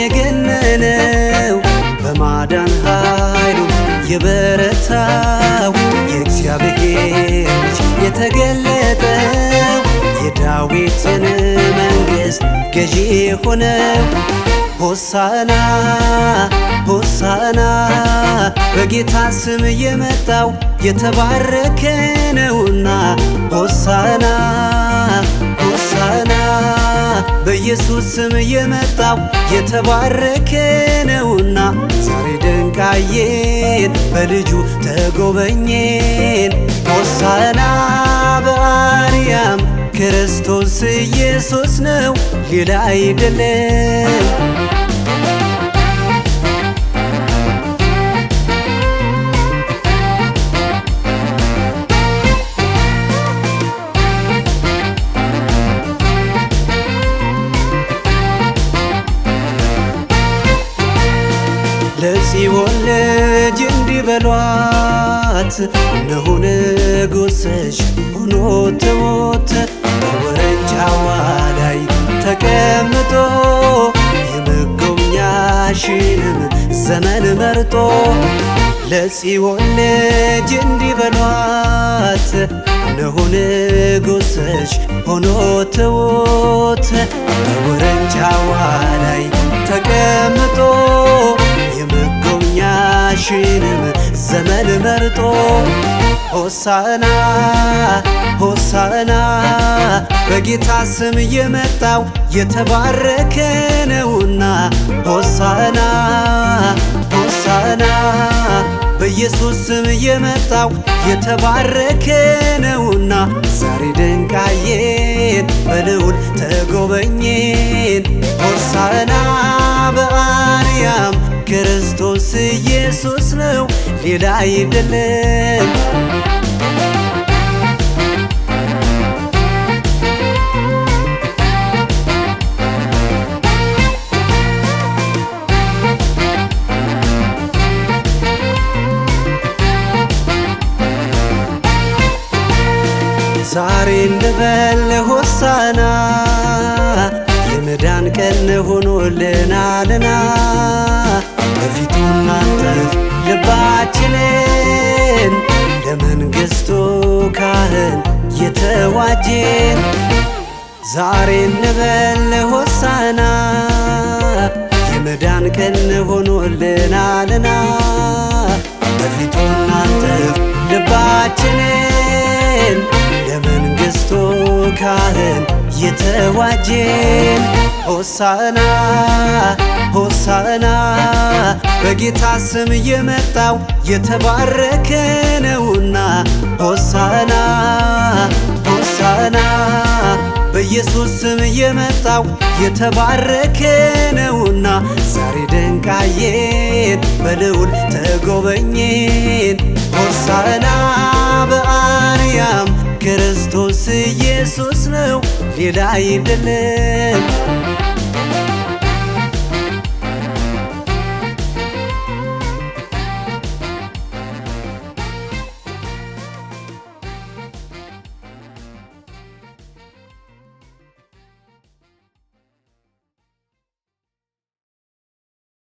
የገነነው በማዳን ኃይሉ የበረታው የእግዚአብሔር የተገለጠው የዳዊትን መንግሥት ገዢ የሆነው ሆሳና ሆሳና በጌታ ስም የመጣው የተባረከ ነውና ሆሳና በኢየሱስ ስም የመጣው የተባረከ ነውና ዛሬ ደንቃዬን በልጁ ተጎበኘን። ሆሳዕና በአርያም ክርስቶስ ኢየሱስ ነው፣ ሌላ አይደለም። ለጽዮን ልጅ እንዲህ በሏት እነሆ ንጉሥሽ ሆኖ ተሞተ በወረንጫዋ ላይ ተቀምጦ የመጎብኛሽንም ዘመን መርጦ ለጽዮን ልጅ እንዲህ በሏት እነሆ ንጉሥሽ ሆኖ ተሞተ በወረንጫዋ ላይ ኑሮሽንም ዘመን መርጦ ሆሳዕና ሆሳዕና በጌታ ስም የመጣው የተባረከ ነውና ሆሳዕና ሆሳዕና በኢየሱስ ስም የመጣው የተባረከ ነውና ዛሬ ክርስቶስ ኢየሱስ ነው፣ ሌላ አይደለም። ዛሬ እንበል ሆሳዕና የመዳን ቀን ሆኖልናልና እንክተት ልባችንን ለመንግሥቱ ካህን የተዋጀን ዛሬ እንበል ሆሳና የመዳን ቀን ሆኖልናልና በፊቱ እናንተፍ ልባችንን ለመንግሥቱ ካህን የተዋጀን ሆሳና ሆሳና በጌታ ስም የመጣው የተባረከ ነውና ሆሳና ሆሳና በኢየሱስ ስም የመጣው የተባረከ ነውና ዛሬ ደንቃዬን በልዑል ተጎበኘ ኢየሱስ ነው ሌላ አይደለም።